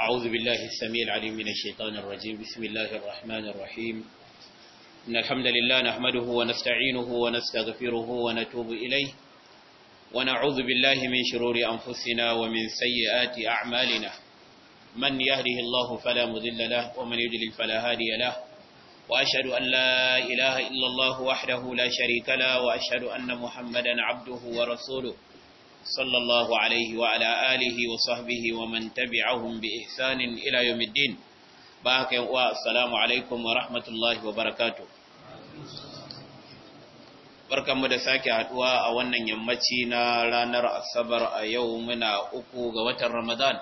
أعوذ بالله السميع العليم من الشيطان الرجيم بسم الله الرحمن الرحيم إن الحمد لله نحمده ونستعينه ونستغفره ونتوب إليه ونعوذ بالله من شرور أنفسنا ومن سيئات أعمالنا من يهده الله فلا مذل له ومن يدلل فلا هادي له وأشهد أن لا إله إلا الله وحده لا شريك له وأشهد أن محمدا عبده ورسوله صلى الله عليه وعلى آله وصحبه ومن تبعهم بإحسان إلى يوم الدين باك والسلام عليكم ورحمة الله وبركاته mu da sake haduwa a wannan yammaci na ranar asabar a yau muna uku ga watan ramadan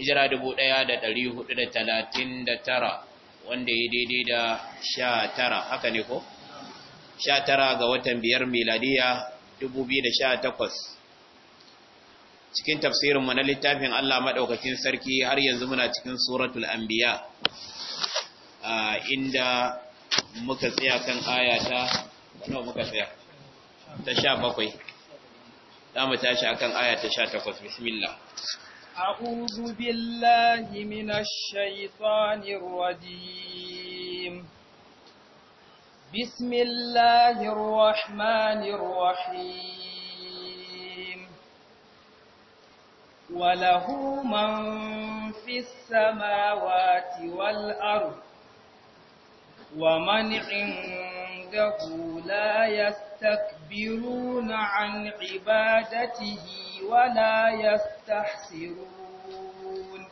hijira 1439 wanda ya daidai da sha tara haka ne ko? sha tara ga watan biyar miladiya takwas. cikin tafsirin mu na littafin Allah madaukakin sarki har yanzu muna cikin suratul anbiya inda muka tsaya kan aya ta nawa muka tsaya ta 17 zamu tashi akan aya ta 18 bismillah أعوذ بالله من الشيطان الرجيم بسم الله الرحمن الرحيم وله من في السماوات والأرض ومن عنده لا يستكبرون عن عبادته ولا يستحسرون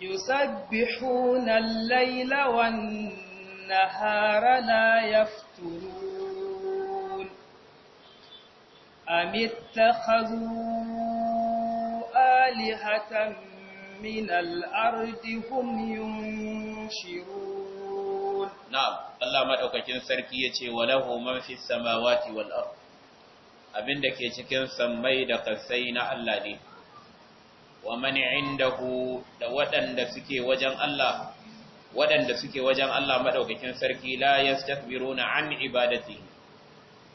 يسبحون الليل والنهار لا يفترون أم اتخذوا آلِهَةً مِنَ الْأَرْضِ هُمْ يُنْشِرُونَ نعم الله ما دوكاكين سركي يتي وله من في السماوات والأرض abin da ke cikin sammai da kasai na Allah ne wa mani indahu da waɗanda suke wajen Allah waɗanda suke wajen Allah madaukakin sarki la yastakbiruna an ibadati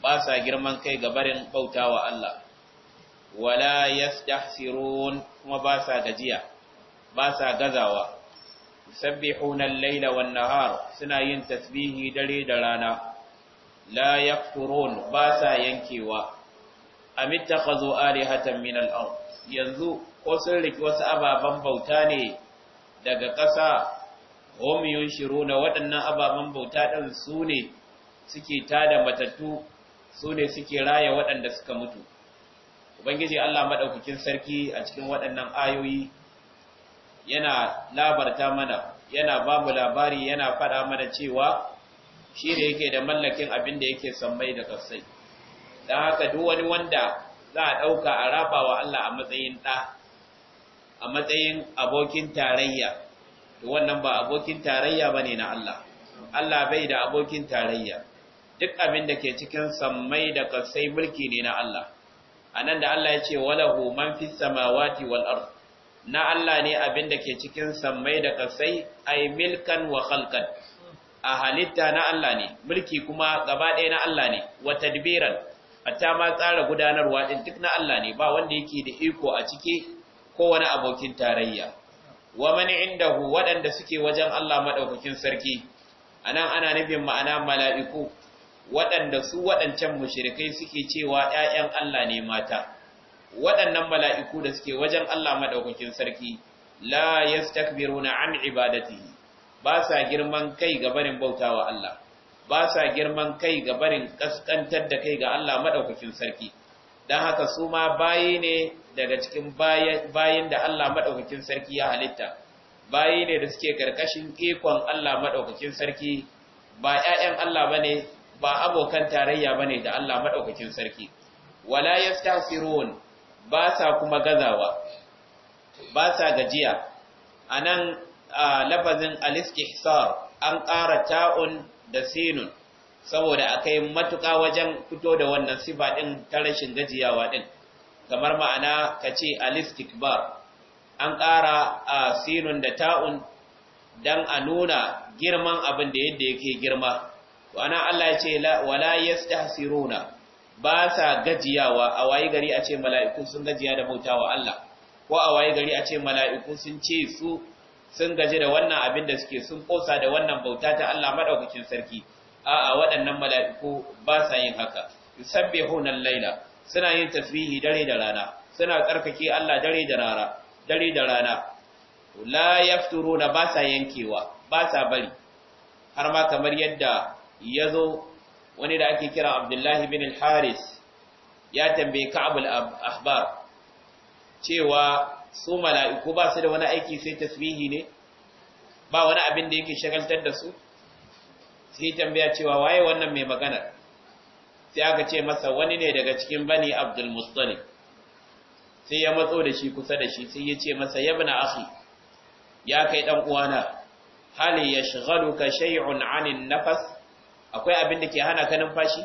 ba sa girman kai ga barin bautawa Allah wala yastahsirun kuma ba sa gajiya ba sa gazawa yusabbihuna al-laila wan-nahar suna yin tasbihi dare da rana la yaqturun ba sa yankewa amittakhazu alihatan min al-ard yanzu ko sun riki wasu ababan bauta ne daga ƙasa hum yunshiruna waɗannan ababan bauta din su ne suke tada matattu sune suke raya waɗanda suka mutu ubangiji Allah madaukakin sarki a cikin waɗannan ayoyi yana labarta mana yana ba mu labari yana faɗa mana cewa shi ne yake da mallakin abin da yake sammai da kasai don haka duk wani wanda za a ɗauka a raba wa Allah a matsayin ɗa a matsayin abokin tarayya to wannan ba abokin tarayya ba ne na Allah Allah bai da abokin tarayya duk abin da ke cikin sammai da kasai mulki ne na Allah anan da Allah ya ce walahu man fis samawati wal ard na Allah ne abin da ke cikin sammai da kasai ay milkan wa khalqan a halitta na Allah ne mulki kuma gaba ɗaya na Allah ne wa tadbiran hatta ma tsara gudanarwa din duk na Allah ne ba wanda yake da iko a ciki ko wani abokin tarayya wa man indahu waɗanda suke wajen Allah madaukakin sarki anan ana nufin ma'ana mala'iku waɗanda su waɗancan mushrikai suke cewa ‘ya'yan Allah ne mata, waɗannan mala'iku da suke wajen Allah maɗaukakin sarki, la ya na an ibadatihi, ba sa girman kai ga barin bauta Allah, ba sa girman kai ga barin ƙasƙantar da kai ga Allah maɗaukakin sarki, don haka su ma bayi ne daga cikin bayin da Allah maɗaukakin sarki ya halitta, bayi ne da suke ƙarƙashin ikon Allah maɗaukakin sarki, ba ‘ya'yan Allah ba ne ba abokan tarayya bane da Allah madaukakin sarki wala yastahsirun ba sa kuma gazawa ba sa gajiya anan lafazin al-istihsar an ƙara ta'un da sinun saboda akai matuƙa wajen fito da wannan sifa din ta rashin gajiyawa din kamar ma'ana kace al-istikbar an ƙara sinun da ta'un dan a nuna girman abin da yadda yake girma wana Allah ya ce wala yastahsiruna ba sa gajiyawa a waye gari a ce mala'iku sun gajiya da bautawa Allah ko a waye gari a ce mala'iku sun ce su sun gaji da wannan abin da suke sun kosa da wannan bauta ta Allah madaukakin sarki a'a waɗannan mala'iku ba sa yin haka yusabbihuna al-laila suna yin tasbihi dare da rana suna tsarkake Allah dare da rana dare da rana la yafturuna ba sa yankewa ba sa bari har ma kamar yadda ya zo wani da ake kira abdullahi bin al-haris ya tambaye ka'abul ahbar cewa su mala'iku ba su da wani aiki sai tasbihi ne ba wani abin da yake shagaltar da su sai tambaya cewa waye wannan mai magana sai aka ce masa wani ne daga cikin bani abdul mustalib sai ya matso da shi kusa da shi sai ya ce masa yabna akhi ya kai dan uwana hali ka shay'un anin nafas akwai abin da ke hana ka numfashi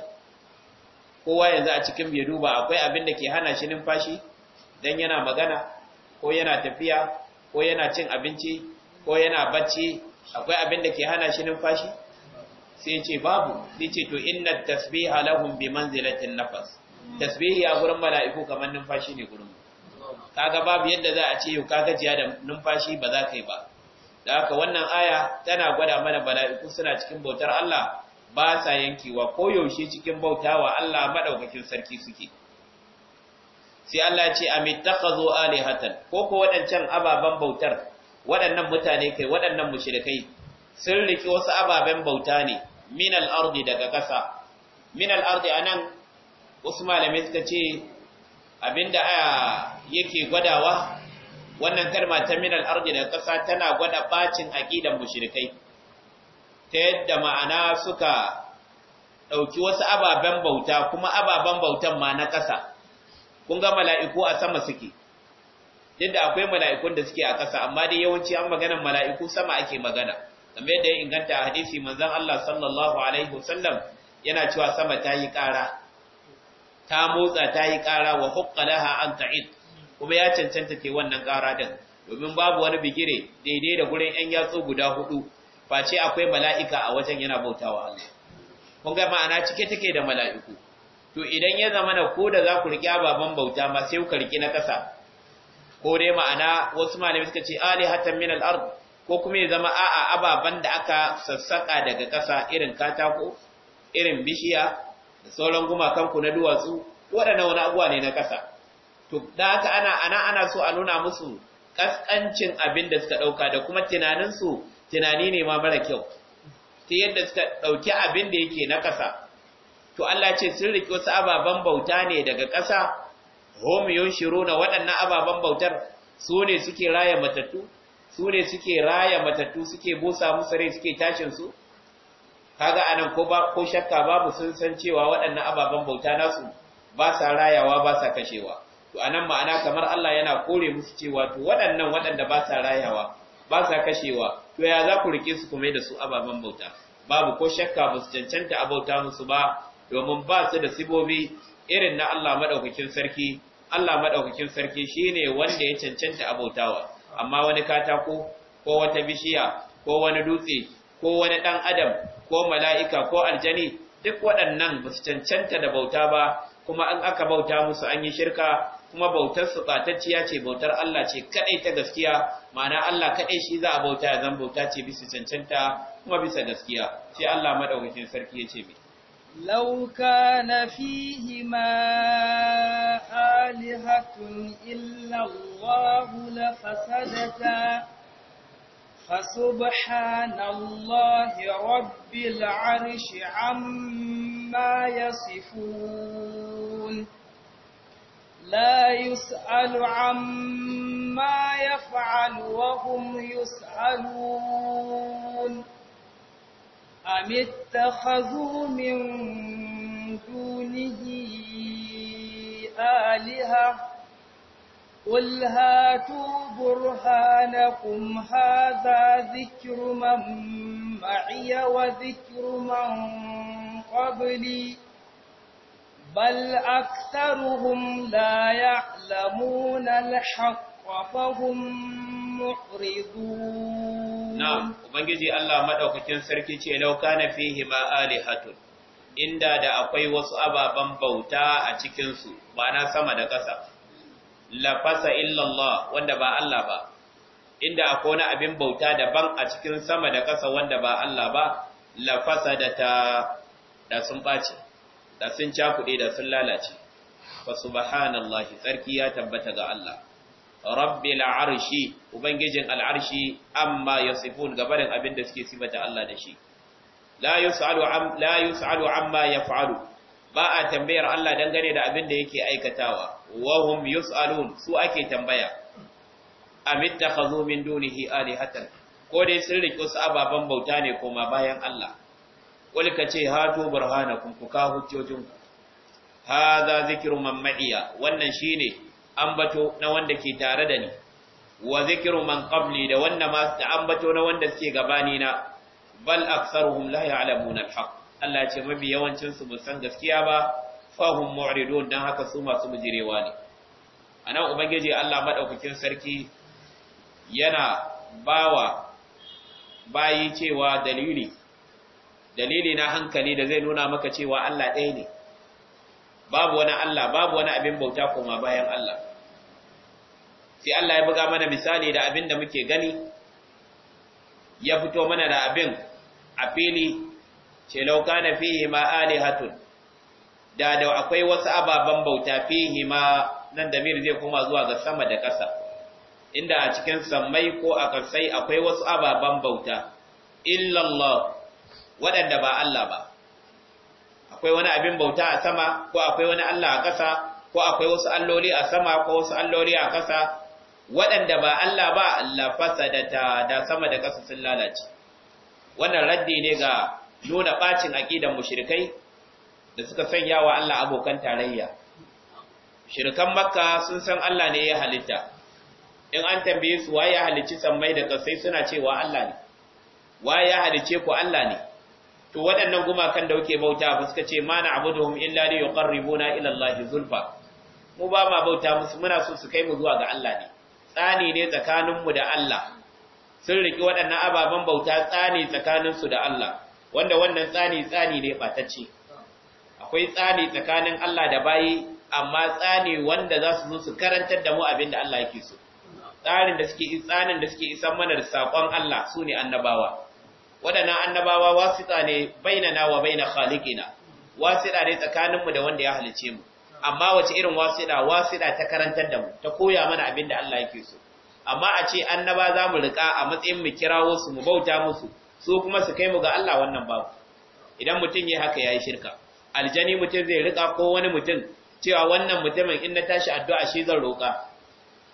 kowa yanzu a cikin bai duba akwai abin da ke hana shi numfashi dan yana magana ko yana tafiya ko yana cin abinci ko yana bacci akwai abin da ke hana shi numfashi sai ce babu sai ce to inna tasbiha lahum bi manzilatin nafas tasbihi a gurin mala'iku kamar numfashi ne gurin kaga babu yadda za a ce yau ka gajiya da numfashi ba za ka yi ba da haka wannan aya tana gwada mana mala'iku suna cikin bautar Allah ba sa yankewa ko yaushe cikin bautawa Allah madaukakin sarki suke sai Allah ce amittakhadhu alihatan ko ko waɗancan ababen bautar waɗannan mutane kai waɗannan mushrikai sun riki wasu ababen bauta ne min al-ardi daga ƙasa min al-ardi anan wasu malamai suka ce abinda yake gwadawa wannan kalma ta min al-ardi daga ƙasa tana gwada bacin aqidan mushrikai ta yadda ma'ana suka ɗauki wasu ababen bauta kuma ababen bautan ma na ƙasa kun ga mala'iku a sama suke duk akwai mala'ikun da suke a ƙasa amma dai yawanci an maganar mala'iku sama ake magana kamar yadda ya inganta a hadisi manzon Allah sallallahu alaihi wasallam yana cewa sama ta yi ƙara ta motsa ta yi ƙara wa hukkalaha an ta'id kuma ya cancanta ke wannan ƙara din domin babu wani bigire daidai da gurin ‘yan yatsu guda hudu face akwai mala'ika a wajen yana bautawa Allah kun ga ma'ana cike take da mala'iku to idan ya zama na ko da za ku riƙi ababen bauta ma sai ku riƙe na ƙasa ko dai ma'ana wasu malami suka ce ali hatan min al ko kuma ya zama a'a ababen da aka sassaƙa daga ƙasa irin katako irin bishiya da sauran gumakan ku na duwatsu waɗannan wani abuwa ne na ƙasa to da haka ana ana ana so a nuna musu kaskancin abin da suka ɗauka da kuma tunaninsu tunani ne ma mara kyau ta yadda suka ɗauki abin da yake na ƙasa to Allah ce sun riƙe wasu ababen bauta ne daga ƙasa yun shiru na waɗannan ababen bautar su ne suke raya matattu su ne suke raya matattu suke busa musu rai suke tashin su kaga anan ko ko shakka babu sun san cewa waɗannan ababen bauta nasu ba sa rayawa ba sa kashewa to anan ma'ana kamar Allah yana kore musu cewa to waɗannan waɗanda ba sa rayawa ba sa kashewa to ya za ku rike su kuma da su ababen bauta babu ko shakka ba su cancanta abauta musu ba domin ba su da sibobi irin na Allah madaukakin sarki Allah madaukakin sarki shine wanda ya cancanta abautawa amma wani katako ko wata bishiya ko wani dutse ko wani dan adam ko mala'ika ko aljani duk waɗannan ba su cancanta da bauta ba kuma an aka bauta musu an yi shirka kuma bautar su ce bautar Allah ce kaɗai ta gaskiya ma'ana Allah kaɗai shi za a bauta ya zan bauta ce bisa cancanta kuma bisa gaskiya sai Allah madaukakin sarki ya ce mai لو كان فيهما آلهة إلا الله لفسدتا فسبحان الله رب العرش عما يصفون لا يسأل عما يفعل وهم يسألون أم اتخذوا من دونه آلهة قل هاتوا برهانكم هذا ذكر من معي وذكر من قبلي بل أكثرهم لا يعلمون الحق فهم معرضون نعم وبنجي الله مدوكاكين سركي ce لو كان فيهما آلهة inda da akwai wasu ababen bauta a cikinsu ba na sama da ƙasa lafasa illallah wanda ba Allah ba inda akwai wani abin bauta daban a cikin sama da ƙasa wanda ba Allah ba lafasa da ta da sun ɓace da sun cakuɗe da sun lalace fa subhanallahi tsarki ya tabbata ga Allah rabbil arshi ubangijin al'arshi amma yasifun gabarin abin da suke sifata Allah da shi la yus'alu am la yus'alu amma yaf'alu ba a tambayar Allah dangane da abin da yake aikatawa wa hum yus'alun su ake tambaya amittakhadhu min dunihi alihatan ko dai sun rike su ababen bauta ne koma bayan Allah wal ka ce Hato burhanakum ku ka hujjojin ku hadha zikru man ma'iya wannan shine ambato na wanda ke tare da ni wa zikru man qabli da wanda ma da ambato na wanda suke gabani na bal aktharuhum la ya'lamuna al-haq Allah ya ce mabi yawancin su ba san gaskiya ba fa hum mu'ridun dan haka su masu bijirewa ne anan ubangiji Allah madaukakin sarki yana bawa bayi cewa dalili dalili na hankali da zai nuna maka cewa Allah ɗaya ne babu wani Allah babu wani abin bauta koma bayan Allah sai Allah ya buga mana misali da abin da muke gani ya fito mana da abin a fili ce na fihi ma alihatun da da akwai wasu ababen bauta fihi ma nan da zai kuma zuwa ga sama da ƙasa inda a cikin sammai ko a kasai akwai wasu ababen bauta illallah waɗanda ba Allah ba akwai wani abin bauta a sama ko akwai wani Allah a ƙasa ko akwai wasu alloli a sama ko wasu alloli a ƙasa waɗanda ba Allah ba Allah fasa da sama da ƙasa sun lalace wannan raddi ne ga nuna bacin aqidan mushrikai da suka sanya wa Allah abokan tarayya shirkan makka sun san Allah ne ya halitta in an tambaye su waye ya halicci sammai da kasai suna cewa Allah ne waye ya halicce ku Allah ne to waɗannan gumakan da kuke bauta ba suka ce ma na'buduhum illa li yuqarribuna ila allahi zulfa mu ba ma bauta musu muna so su kai mu zuwa ga Allah ne tsani ne tsakanin mu da Allah sun riki waɗannan ababen bauta tsani tsakanin su da Allah wanda wannan tsani tsani ne batacce akwai tsani tsakanin Allah da bayi amma tsani wanda za su zo su karantar da mu abin da Allah yake so tsarin da suke tsanin da suke isan mana da sakon Allah ne annabawa waɗannan annabawa wasita ne bainana wa baina khaliqina wasita ne tsakaninmu da wanda ya halice mu amma wace irin wasita wasita ta karantar da mu ta koya mana abin da Allah yake so amma a ce annaba za mu rika a matsayin mu kirawo su mu bauta musu su kuma su kai mu ga Allah wannan babu idan mutum yayi haka yayi shirka aljani mutum zai rika ko wani mutum cewa wannan mutumin in na tashi addu'a shi zan roka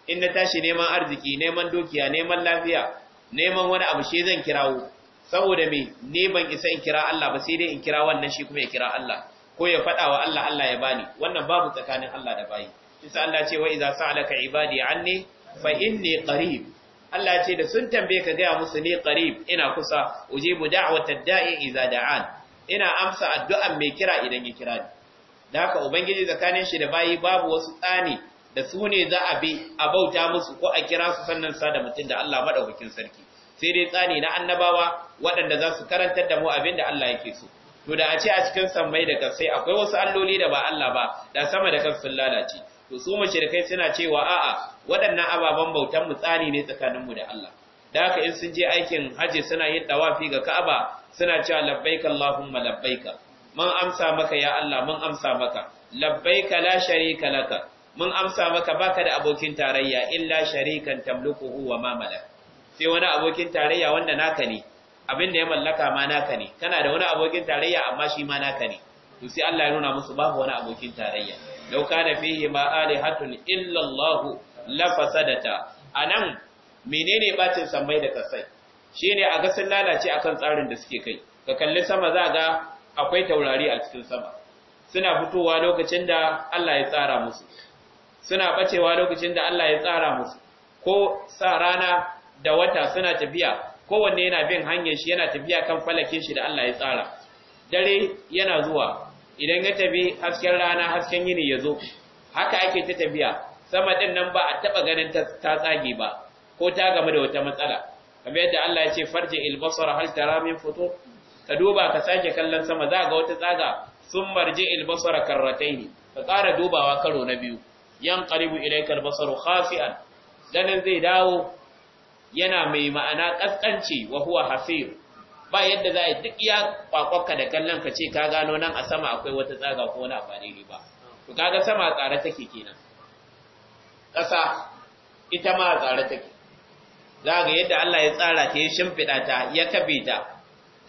in na tashi neman arziki neman dukiya neman lafiya neman wani abu shi zan kirawo saboda mai ne ban isa in kira Allah ba sai dai in kira wannan shi kuma ya kira Allah ko ya faɗa wa Allah Allah ya bani wannan babu tsakanin Allah da bayi isa Allah ce wa iza sa'alaka ibadi anni fa inni qarib Allah ce da sun tambaye ka gaya musu ne qarib ina kusa ujibu da'watad da'i iza da'an ina amsa addu'an mai kira idan ya kira ni da haka ubangiji tsakanin shi da bayi babu wasu tsani da su ne za a bi a bauta musu ko a kira su sannan sa da mutum da Allah madaukakin sarki sai dai tsani na annabawa waɗanda za su karantar da mu abin da Allah yake so to da a ce a cikin sammai da kasai akwai wasu alloli da ba Allah ba da sama da kan sun lalace to su kai suna cewa a'a waɗannan ababen bautan mu tsani ne tsakanin mu da Allah da haka in sun je aikin Hajji suna yin tawafi ga Ka'aba suna cewa labbaika Allahumma labbaika mun amsa maka ya Allah mun amsa maka labbaika la sharika laka mun amsa maka baka da abokin tarayya illa sharikan tamluku wa ma malak sai wani abokin tarayya wanda naka ne abin da ya mallaka ma naka ne kana da wani abokin tarayya amma shi ma naka ne to sai Allah ya nuna musu babu wani abokin tarayya law kana fihi ma alihatun illa Allah la fasadata anan menene bacin sammai da kasai shine a ga sun lalace akan tsarin da suke kai ka kalli sama za ga akwai taurari a cikin sama suna fitowa lokacin da Allah ya tsara musu suna bacewa lokacin da Allah ya tsara musu ko sa rana da wata suna tafiya kowanne yana bin hanyar shi yana tafiya kan falakin shi da Allah ya tsara dare yana zuwa idan ya tafi hasken rana hasken yini ya zo haka ake ta tafiya sama din nan ba a taɓa ganin ta tsage ba ko ta gamu da wata matsala kamar yadda Allah ya ce farji al-basar hal tara min ka duba ka sake kallon sama za ga wata tsaga sun marje al-basar karrataini ka ƙara dubawa karo na biyu yan qaribu ilayka basaru basar khasi'an ganin zai dawo yana mai ma'ana ƙasƙanci, wa huwa hasir ba yadda za a duk iya kwakwaka da kallon ka ce ka gano nan a sama akwai wata tsaga ko wani amfani ba to kaga sama tsare take kenan ƙasa ita ma tsare take za ga yadda Allah ya tsara ta ya shimfiɗa ta ya kabe ta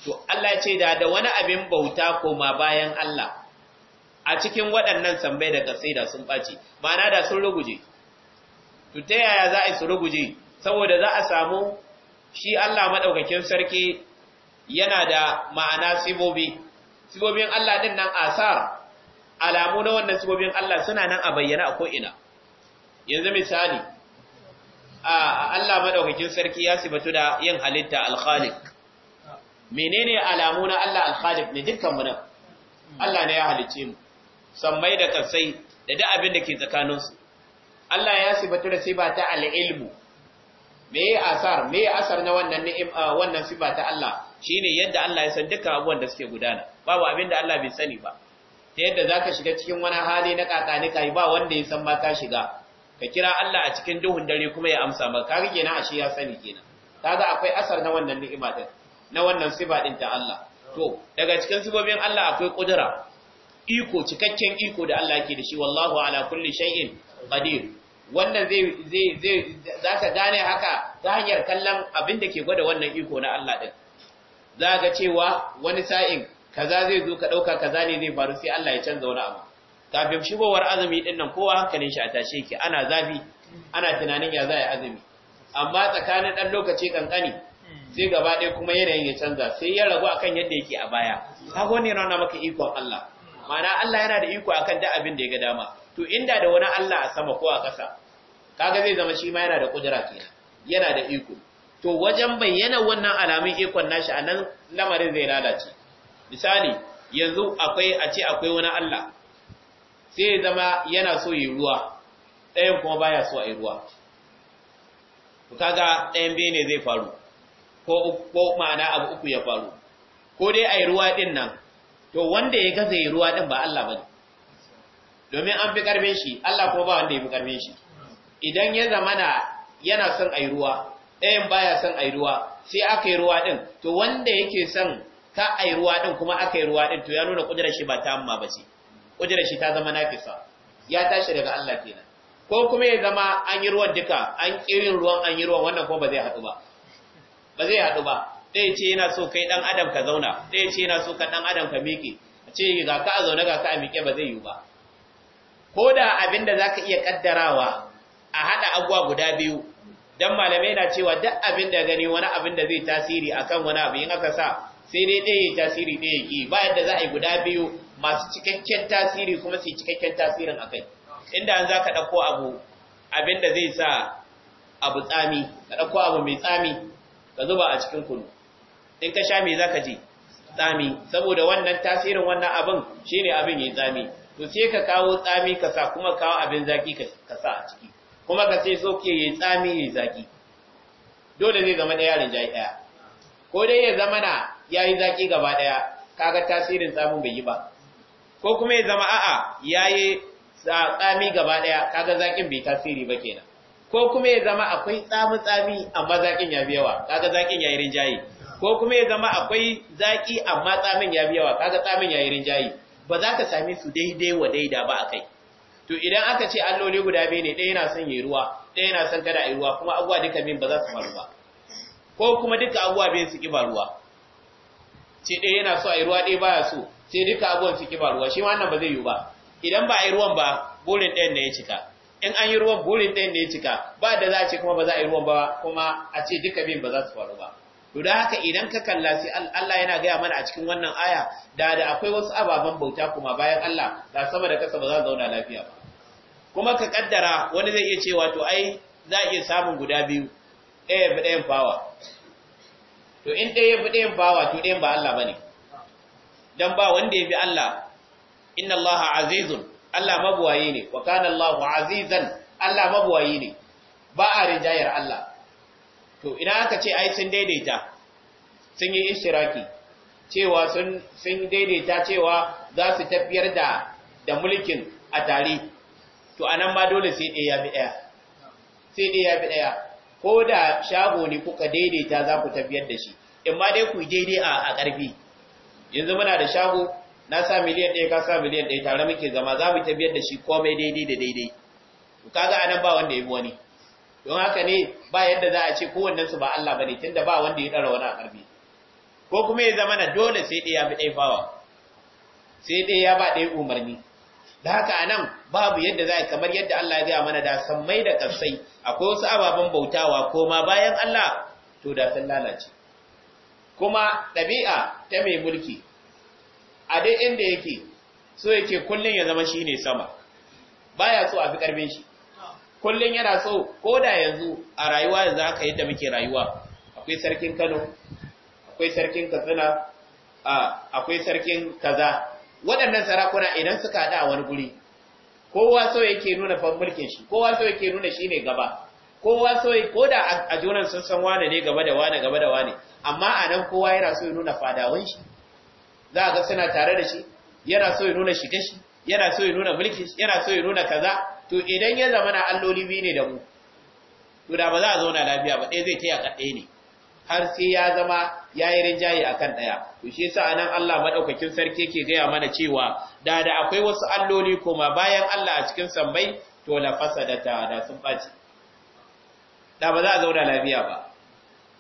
to Allah ce da da wani abin bauta koma bayan Allah a cikin waɗannan sambai da kasida da sun ɓaci ma'ana da sun ruguje to ta yaya za a yi su ruguje saboda za a samu shi Allah maɗaukakin sarki yana da ma'ana sibobi sibobin Allah din nan asar alamu na wannan sibobin Allah suna nan a bayyana a ko'ina yanzu misali a Allah maɗaukakin sarki ya sibatu da yin halitta alkhalik menene alamu na Allah alkhalik ne dukkan mu nan Allah ne ya halicce mu sammai da kasai da duk abin da ke tsakaninsu Allah ya sibatu da sibata ta al'ilmu ya asar ya asar na wannan ah, wannan sifa ta Allah shine yadda Allah ya san duka abubuwan da suke gudana babu abin da Allah bai sani ba ta yadda zaka shiga cikin wani hali na kakanika kai ba wanda ya san mata ka shiga ka kira Allah a cikin duhun dare kuma ya amsa maka kaga kenan ashe ya sani kenan kaga akwai asar na wannan ni'ima din na wannan sifa din ta Allah to daga cikin sifofin Allah akwai kudura iko cikakken iko da Allah yake da shi wallahu ala kulli shay'in qadir wannan zai zai zai za ka gane haka ta hanyar kallon abin da ke gwada wannan iko na Allah din za ga cewa wani sa'in kaza zai zo ka dauka kaza ne zai faru sai Allah ya canza wani abu kafin shigowar azumi din nan kowa hankalin shi a tashe yake ana zafi ana tunanin ya za ya azumi amma tsakanin dan lokaci kankani sai gaba ɗaya kuma yanayin ya canza sai ya ragu akan yadda yake a baya kaga wannan yana maka ikon Allah ma'ana Allah yana da iko akan duk abin da ya ga dama to inda da wani Allah a sama ko a ƙasa kaga zai zama shi ma yana da kudura kenan yana da iko to wajen bayyana wannan alamun ikon nashi anan lamarin zai lalace misali yanzu akwai a ce akwai wani Allah sai ya zama yana so yi ruwa ɗayan kuma baya so a yi ruwa to kaga ɗayan bene zai faru ko ko ma'ana abu uku ya faru ko dai a yi ruwa din nan to wanda ya gaza yi ruwa din ba Allah bane domin an fi karfin shi Allah kuma ba wanda ya fi karfin shi idan ya zamana yana son ai ruwa ɗayan baya son ai ruwa sai aka yi ruwa din to wanda yake son ka ai ruwa din kuma aka yi ruwa din to ya nuna kudirar shi ba ta amma ba ce kudirar shi ta zama nafisa ya tashi daga Allah kenan ko kuma ya zama an yi ruwan duka an kirin ruwan an yi ruwan wannan kuma ba zai haɗu ba ba zai haɗu ba ɗaya ce yana so kai ɗan adam ka zauna ɗaya ce yana so ka ɗan adam ka miƙe a ce ga ka a zaune ga ka a miƙe ba zai yiwu ba ko da abin da za ka iya ƙaddarawa a haɗa abuwa guda biyu don malamai na cewa duk abin da gani wani abin da zai tasiri akan wani abu in aka sa sai dai ɗaya tasiri ɗaya ki ba yadda za a yi guda biyu masu cikakken tasiri kuma su yi cikakken tasirin a kai inda an za ka ɗauko abu abin da zai sa abu tsami ka ɗauko abu mai tsami ka zuba a cikin kunu in ka sha mai za ka ji tsami saboda wannan tasirin wannan abin shine abin ya tsami to sai ka kawo tsami ka sa kuma kawo abin zaki ka sa a ciki kuma ka sai soke ya tsami ya zaki dole zai zama da yarin jayi daya ko dai ya zama na ya yi zaki gaba daya kaga tasirin tsamin bai yi ba ko kuma ya zama a'a ya yi tsami gaba daya kaga zakin bai tasiri ba kenan ko kuma ya zama akwai tsami tsami amma zakin ya bi yawa kaga zakin yi rinjaye. ko kuma ya zama akwai zaki amma tsamin ya bi yawa kaga tsamin ya yi rinjaye. ba za ka sami su daidai wa daida ba akai to idan aka ce alloli guda biyu ne ɗaya yana son yi ruwa ɗaya yana son kada yi ruwa kuma abuwa duka min ba za su faru ba ko kuma duka abuwa biyu su kiba ruwa ce ɗaya yana so a yi ruwa ɗaya baya so sai duka abuwan su kiba ruwa shi ma wannan ba zai yi ba idan ba a yi ruwan ba burin ɗayan ne ya cika in an yi ruwan burin ɗayan ne ya cika ba da za a ce kuma ba za a yi ruwan ba kuma a ce duka bin ba za su faru ba to da haka idan ka kalla sai Allah yana gaya mana a cikin wannan aya da da akwai wasu ababen bauta kuma bayan Allah da sama da kasa ba za zauna lafiya ba kuma ka kaddara wani zai iya cewa to ai za a iya samun guda biyu ɗaya bi ɗayan fawa to in ɗaya bi ɗayan fawa to ɗayan ba Allah bane dan ba wanda ya bi Allah inna Allah azizun Allah mabuwayi ne wa kana Allah azizan Allah mabuwayi ne ba a rijayar Allah to idan aka ce ai sun daidaita sun yi ishtiraki cewa sun sun daidaita cewa za su tafiyar da da mulkin a tare to anan ma dole sai ɗaya ya bi ɗaya sai dai ya bi daya ko da shago ne kuka daidaita za ku tafiyar da shi in ma dai ku daidai a ƙarfi yanzu muna da shago na sa miliyan ɗaya ka sa miliyan ɗaya tare muke zama za mu tafiyar da shi komai daidai da daidai kaga anan ba wanda ya bi wani don haka ne ba yadda za a ce ba su ba Allah bane da ba wanda ya ɗara wani a ko kuma ya zama na dole sai ɗaya ya bi ɗaya sai ɗaya ya ba ɗaya umarni da haka a nan babu yadda za a kamar yadda Allah ya gaya mana da samai da kafsai akwai wasu ababen bautawa ko ma bayan Allah to da sun lalace kuma ɗabi'a ta mai mulki a dai inda yake so yake kullum ya zama shi ne sama baya so a fi ƙarfin shi kullun yana so ko da yanzu a rayuwa yanzu aka yadda muke rayuwa akwai sarkin Kano akwai sarkin Katsina akwai sarkin kaza waɗannan sarakuna idan suka haɗa a wani guri kowa so yake nuna fan mulkin shi kowa so yake nuna shi ne gaba kowa so ko da a junan sun san wane ne gaba da wane gaba da wane amma a nan kowa yana so ya nuna fadawan shi za a ga suna tare da shi yana so ya nuna shiga shi yana so ya nuna mulkin shi yana so ya nuna kaza to idan ya zama na alloli biyu ne da mu to da ba za a zauna lafiya ba ɗaya zai taya kaɗai ne har sai ya zama ya yi rinjaye a kan ɗaya to shi yasa nan Allah maɗaukakin sarki yake gaya mana cewa da da akwai wasu alloli koma bayan Allah a cikin sambai to la ta da sun ɓaci da ba za a zauna lafiya ba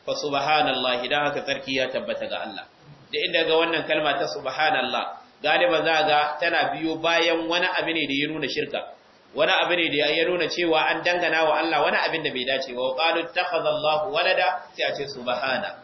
fa subhanallahi idan haka sarki ya tabbata ga Allah da inda ga wannan kalma ta subhanallah galiba za ga tana biyo bayan wani abu ne da ya nuna shirka wani abu ne da ya nuna cewa an dangana wa Allah wani abin da bai dace wa qalu takhadha Allahu walada sai a ce subhana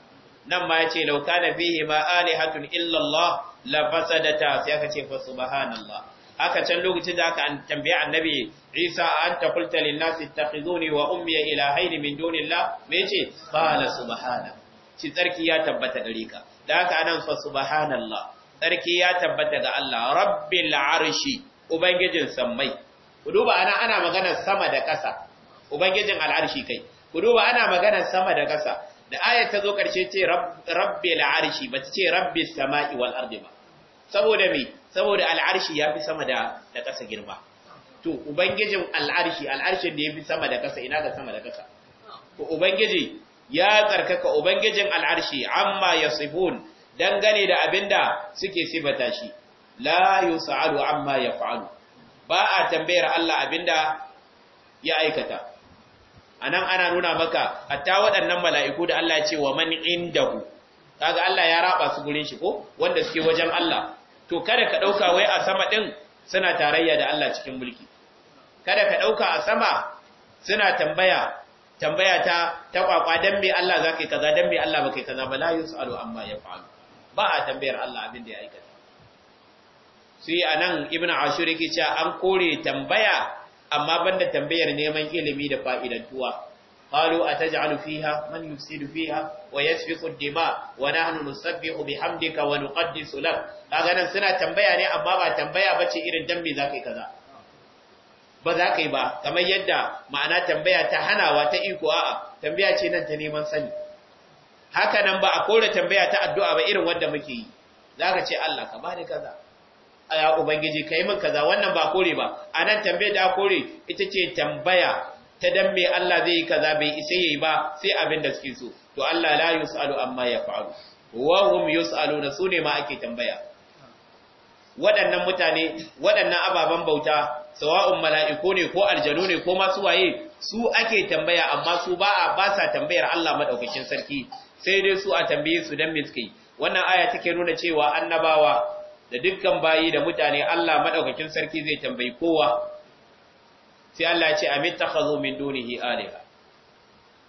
nan ma yace law kana fihi ma alihatun illa Allah la fasadata sai aka ce fa subhanallah haka can lokacin da aka tambaye annabi Isa an ta qulta lin nasi ittakhizuni wa ummi ilahayn min dunillah me yace qala subhana ci tsarki ya tabbata gare ka da haka anan fa subhanallah tsarki ya tabbata ga Allah rabbil arshi ubangijin sammai ku duba ana ana maganar sama da ƙasa ubangijin al'arshi kai ku duba ana maganar sama da ƙasa da ayat ta zo ƙarshe ce rabbil arshi ba ta ce rabbis sama'i wal ardi ba saboda me saboda al'arshi yafi sama da da ƙasa girma to ubangijin al'arshi al'arshin da yafi sama da ƙasa ina ga sama da ƙasa to ubangiji ya tsarkaka ubangijin al'arshi amma yasifun dangane da abinda suke sifata shi la yus'alu amma yaf'alu ba a tambayar Allah abinda ya aikata anan ana nuna maka hatta waɗannan mala'iku da Allah ya ce wa man indahu kaga Allah ya raba su gurin shi ko wanda suke wajen Allah to kada ka dauka wai a sama din suna tarayya da Allah cikin mulki kada ka dauka a sama suna tambaya tambaya ta ta kwakwa dan me Allah zakai kaza dan me Allah baka yi kaza ba la yusalu amma yaf'alu ba a tambayar Allah abin da ya aikata sai anan ibn ashur yake cewa an kore tambaya amma banda tambayar neman ilimi da fa'idantuwa قالوا أتجعل فيها من يفسد dima wa nahnu nusabbihu bihamdika wa nuqaddisu lak kaga suna tambaya ne amma ba tambaya bace irin dambe zakai kaza ba zakai ba kamar yadda ma'ana tambaya ta hanawa ta iko a'a tambaya ce nan ta neman sani haka nan ba a kore tambaya ta addu'a ba irin wanda muke yi zaka ce Allah ka bani kaza ya ubangiji kai min kaza wannan ba kore ba anan tambaye da kore ita ce tambaya ta dan me Allah zai yi kaza bai isa yayi ba sai abin da suke so to Allah la yusalu amma ya yaf'alu wa hum na sune ma ake tambaya waɗannan mutane waɗannan ababen bauta sawa'un mala'iku ne ko aljanu ne ko masu waye su ake tambaya amma su ba a ba sa tambayar Allah madaukakin sarki sai dai su a tambaye su dan me suke wannan aya take nuna cewa annabawa da dukkan bayi da mutane Allah madaukakin sarki zai tambayi kowa sai Allah ya ce amittakhadhu min dunihi alaha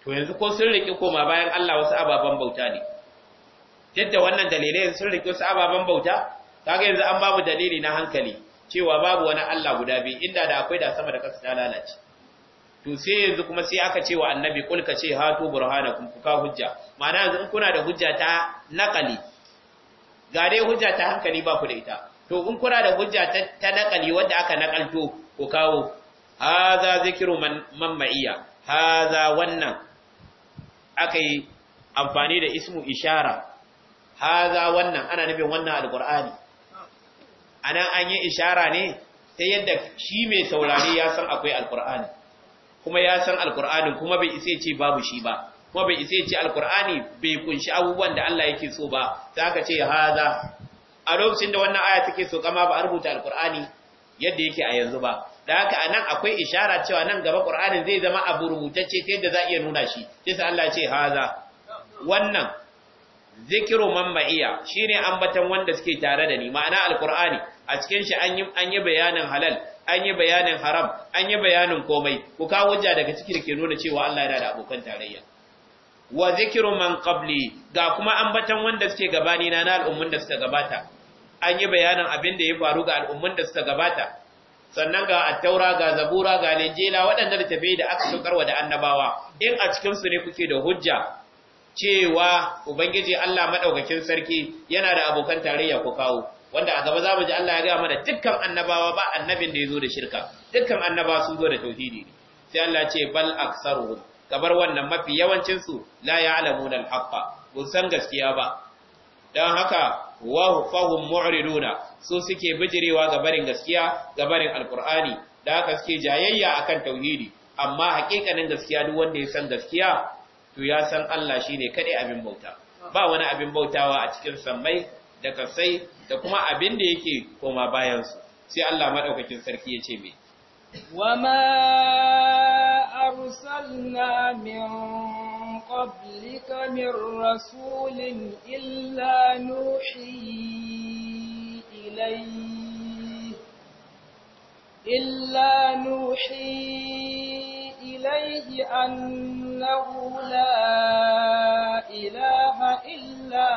to yanzu ko sun rike koma bayan Allah wasu ababan bauta ne yadda wannan dalilai sun rike wasu ababan bauta kaga yanzu an babu dalili na hankali cewa babu wani Allah guda biyu inda da akwai da sama da kasa ta lalace to sai yanzu kuma sai aka ce wa annabi kulka ce hatu burhanakum ku ka hujja ma'ana yanzu in kuna da hujja ta naqali ga dai hujja ta hankali ba ku da ita to in kura da hujja ta nakali wanda aka nakalto ku kawo haza zikru man mamaiya haza wannan akai amfani da ismu ishara haza wannan ana nufin wannan alqur'ani anan an yi ishara ne ta yadda shi mai saurari ya san akwai alqur'ani kuma ya san alqur'anin kuma bai isa ce babu shi ba kuma bai isa ce alkur'ani bai kunshi abubuwan da Allah yake so ba sai aka ce haza a lokacin da wannan aya take so kama ba a rubuta alkur'ani yadda yake a yanzu ba da haka anan akwai ishara cewa nan gaba qur'anin zai zama abu rubutacce ta yadda za iya nuna shi sai sai Allah ce haza wannan zikiru man shine ambatan wanda suke tare da ni ma'ana alkur'ani a cikin shi an yi an yi bayanin halal an yi bayanin haram an yi bayanin komai ku kawo hujja daga ciki da ke nuna cewa Allah yana da abokan tarayya wa zikiru man qabli ga kuma ambatan wanda suke gabani na na al'ummun da suka gabata an yi bayanin abin da ya faru ga al'ummun da suka gabata sannan ga taura, ga zabura ga linjila waɗanda tafi da aka wa da annabawa in a cikin su ne kuke da hujja cewa ubangiji Allah madaukakin sarki yana da abokan tarayya ku kawo wanda a gaba zamu ji Allah ya ga mana dukkan annabawa ba annabin da yazo da shirka dukkan annabawa sun zo da tauhidi sai Allah ce bal aktsaruhum kamar wannan mafi yawancinsu la ya alamu haqqa ba san gaskiya ba dan haka wa fahum mu'riduna su suke bijirewa ga barin gaskiya ga barin alqur'ani da haka suke jayayya akan tauhidi amma haƙiƙanin gaskiya duk wanda ya san gaskiya to ya san Allah shine kaɗai abin bauta ba wani abin bautawa a cikin sammai da kasai da kuma abin da yake koma bayansu, sai Allah madaukakin sarki ya ce me wama أرسلنا من قبلك من رسول إلا نوحي إليه إلا نوحي إليه أنه لا إله إلا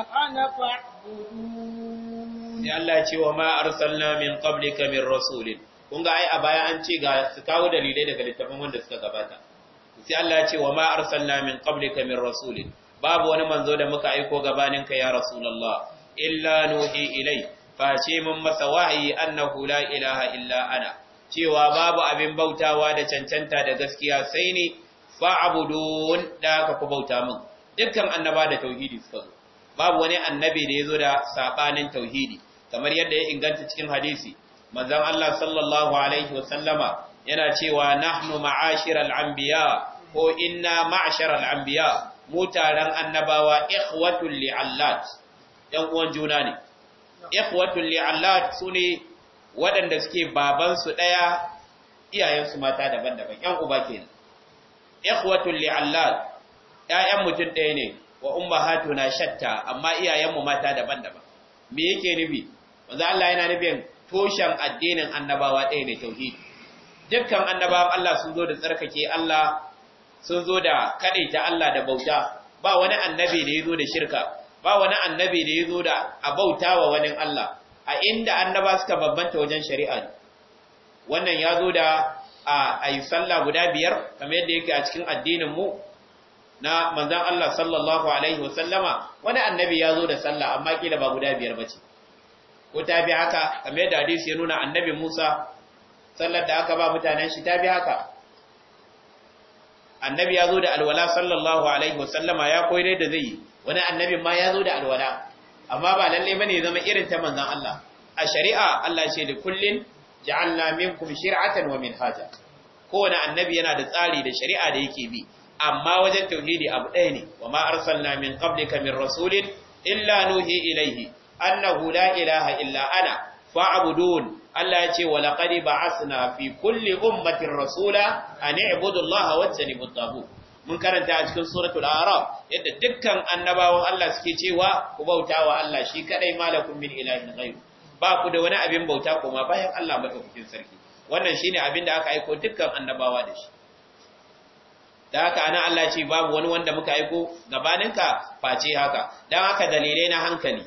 أنا فاعبدون. يا الله وما أرسلنا من قبلك من رسول kun ga ai a baya an ce ga su kawo dalilai daga littafin wanda suka gabata sai Allah ya ce wa ma arsalna min qablika min rasulin babu wani manzo da muka aiko gabanin ka ya rasulullah illa nuhi ilai face mun masa wahayi annahu la ilaha illa ana cewa babu abin bautawa da cancanta da gaskiya sai ni fa'budun da ka ku bauta min dukkan annaba da tauhidi suka zo babu wani annabi da yazo da sabanin tauhidi kamar yadda ya inganta cikin hadisi manzon Allah sallallahu alaihi yana cewa nahnu ma'ashiral anbiya ko inna ma'asharal anbiya mutaran annabawa ikhwatul li'allat yan uwan juna ne ikhwatul li'allat sune waɗanda suke baban su daya iyayen su mata daban-daban yan uba kenan ikhwatul li'allat ƴaƴan mutum ɗaya ne wa ummahatuna shatta amma iyayen mu mata daban-daban me yake nufi manzo Allah yana nufin toshen addinin annabawa ɗaya ne tauhidi dukkan annabawan Allah sun zo da tsarkake Allah sun zo da ta Allah da bauta ba wani annabi da ya zo da shirka ba wani annabi da ya zo da wa wani Allah a inda annaba suka babbanta wajen shari'a wannan ya zo da a ayi sallah guda biyar kamar yadda yake a cikin addinin mu na manzon Allah sallallahu alaihi wasallama wani annabi ya zo da sallah amma kila ba guda biyar bace ko ta bi haka kamar yadda hadisi ya nuna annabi Musa sallar da aka ba mutanen shi ta bi haka annabi ya zo da alwala sallallahu alaihi wasallama ya koyar da zai yi wani annabin ma ya zo da alwala amma ba lalle bane zama irin ta manzon Allah a shari'a Allah ce da kullin ja'alna minkum shir'atan wa minhaja kowane annabi yana da tsari da shari'a da yake bi amma wajen tauhidi abu ɗaya ne wa ma arsalna min qablika min rasulin illa nuhi ilaihi annahu la ilaha illa ana fa'budun Allah yace ce wa laqad ba'asna fi kulli ummatin rasula an i'budu Allah wa tanibut mun karanta a cikin suratul araf yadda dukkan annabawan Allah suke cewa ku bautawa Allah shi kadai malakum min ilahin ghayr ba ku da wani abin bauta kuma bayan Allah madaukakin sarki wannan shine abin da aka aiko dukkan annabawa da shi da haka ana Allah ce babu wani wanda muka aiko gabaninka face haka Dan haka dalilai na hankali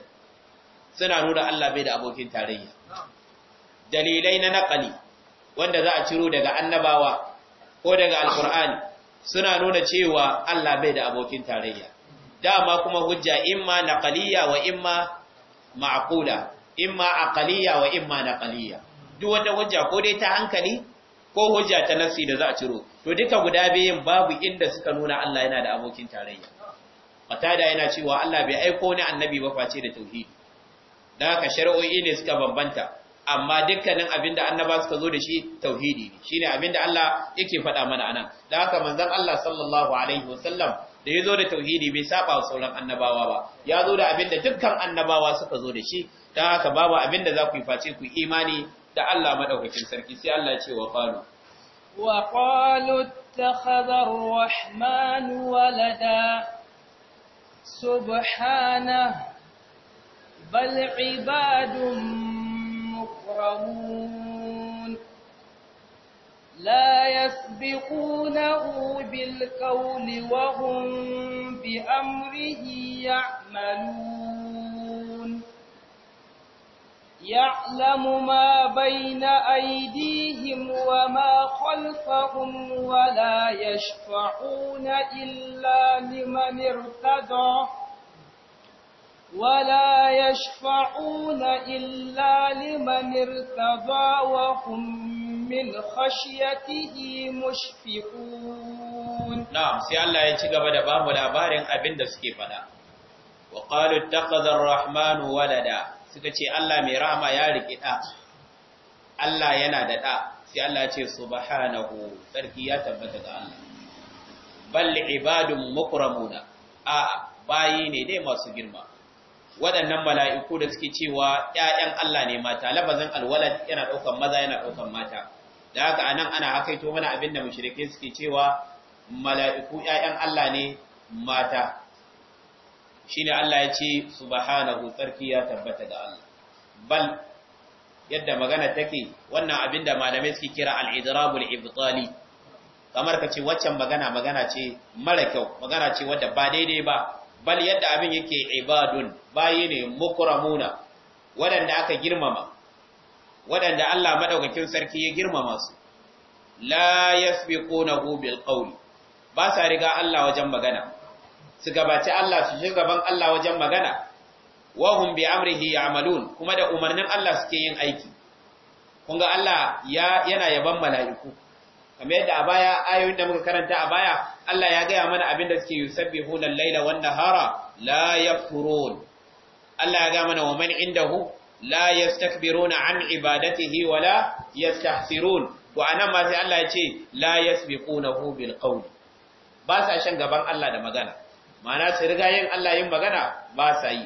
suna nuna Allah bai da abokin tarayya dalilai na naqali wanda za a ciro daga annabawa ko daga alqur'ani suna nuna cewa Allah bai da abokin tarayya dama kuma hujja imma naqaliya wa imma ma'qula imma aqaliya wa imma naqaliya duk wanda hujja ko dai ta hankali ko hujja ta nafsi da za a ciro to duka guda biyun babu inda suka nuna Allah yana da abokin tarayya qatada yana cewa Allah bai aiko ni annabi ba face da tauhidi da haka shari'o'i ne suka bambanta amma dukkanin abinda annaba suka zo da shi tauhidi ne shine abinda Allah yake faɗa mana anan da haka manzon Allah sallallahu alaihi wasallam da ya zo da tauhidi bai saba wa sauran annabawa ba ya zo da abinda dukkan annabawa suka zo da shi da haka babu abinda za ku yi face ku imani da Allah madaukakin sarki sai Allah ya ce wa qalu wa qalu ittakhadha ar-rahman walada بل عباد مكرمون لا يسبقونه بالقول وهم بأمره يعملون يعلم ما بين أيديهم وما خلفهم ولا يشفعون إلا لمن ارتضى ولا يشفعون إلا لمن ارتضى وهم من خشيته مشفقون نعم سي الله يتيغا بدا بامو لابارين أبين دسكي فدا وقالوا اتخذ الرحمن ولدا سكتي الله ميراما يارك إتا الله ينادى إتا سي الله يتي سبحانه تركياتا بدا الله بل عباد مكرمون آه bayi ne dai masu girma waɗannan mala'iku da suke cewa ‘ya'yan Allah ne mata, labazin alwalad yana ɗaukan maza yana ɗaukan mata, da haka anan ana hakaito mana abin da mashirikai suke cewa mala'iku ‘ya'yan Allah ne mata, shi ne Allah ya ce, Subhanahu tsarki ya tabbata ga Allah. Bal, yadda magana take, wannan abin da malamai suke kira al'idirabul ibtali, kamar ka ce waccan magana magana ce mara kyau, magana ce wadda ba daidai ba, bal yadda abin yake ibadun bayi ne mukramuna waɗanda aka girmama waɗanda Allah madaukakin sarki ya girmama su la yasbiqunahu bil qawl ba sa riga Allah wajen magana su gabaci Allah su shi gaban Allah wajen magana wa hum bi amrihi ya'malun kuma da umarnin Allah suke yin aiki kun ga Allah ya yana yaban mala'iku kamar yadda a baya ayoyin da muka karanta a baya Allah ya gaya mana abin da suke yusabbihuna al-laila wan nahara la yafurun Allah ya gaya mana wa man indahu la yastakbiruna an ibadatihi wa la yastahsirun wa anan ma sai Allah ya ce la yasbiqunahu bil qawl ba sa shan gaban Allah da magana ma'ana su riga yin Allah yin magana ba sa yi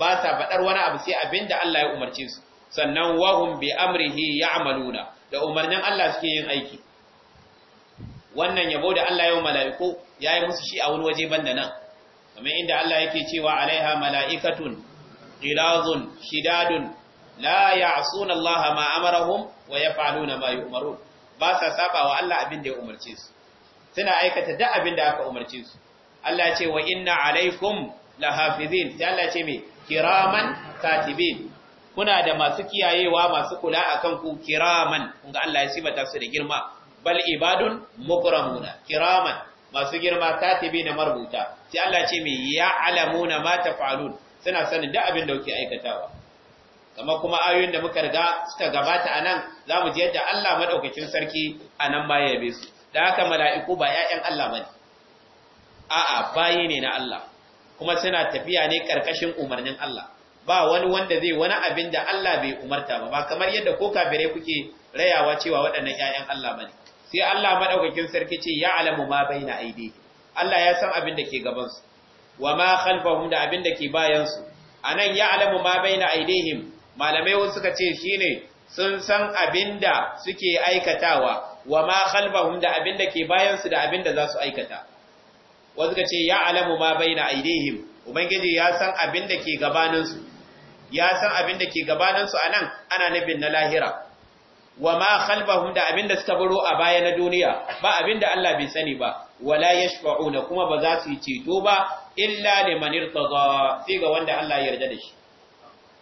ba sa faɗar wani abu sai abinda Allah ya umarce su sannan wahum bi amrihi ya'maluna da umarnin Allah suke yin aiki wannan yabo da Allah yau mala'iku ya yi musu shi a wani waje banda nan kamar inda Allah yake cewa alaiha mala'ikatun qilazun shidadun la ya'suna Allah ma amarahum wa yaf'aluna ma yu'marun ba sa saba wa Allah abin da ya umarce su suna aikata da abin da aka umarce su Allah ya ce wa inna alaikum lahafizin sai Allah ya ce me kiraman katibin kuna da masu kiyayewa masu kula akan ku kiraman kun ga Allah ya sibata su da girma bal ibadun mukramuna kiraman masu girma na marbuta sai Allah ce mai na ma taf'alun suna sanin duk abin da kuke aikatawa kamar kuma ayoyin da muka riga suka gabata anan zamu ji yadda Allah madaukakin sarki anan ba ya yabe su da haka mala'iku ba 'ya'yan Allah bane a'a bayi ne na Allah kuma suna tafiya ne karkashin umarnin Allah ba wani wanda zai wani abin da Allah bai umarta ba ba kamar yadda ko kafirai kuke rayawa cewa waɗannan ƴaƴan Allah bane sai Allah madaukakin sarki ce ya alamu ma baina aidi Allah ya san abin da ke gaban su wa ma khalfahum da abin da ke bayan su anan ya alamu ma baina aidihim malamai wasu suka ce shine sun san abin da suke aikatawa wa ma khalfahum da abin da ke bayan su da abin da za su aikata wasu suka ce ya alamu ma baina aidihim ubangiji ya san abin da ke gabanin su ya san abin da ke gabanin su anan ana nabin na lahira wa ma khalfahum da abinda suka baro a baya na duniya ba abinda Allah bai sani ba wala yashfa'una kuma ba za su yi ceto ba illa liman irtada sai ga wanda Allah ya yarda da shi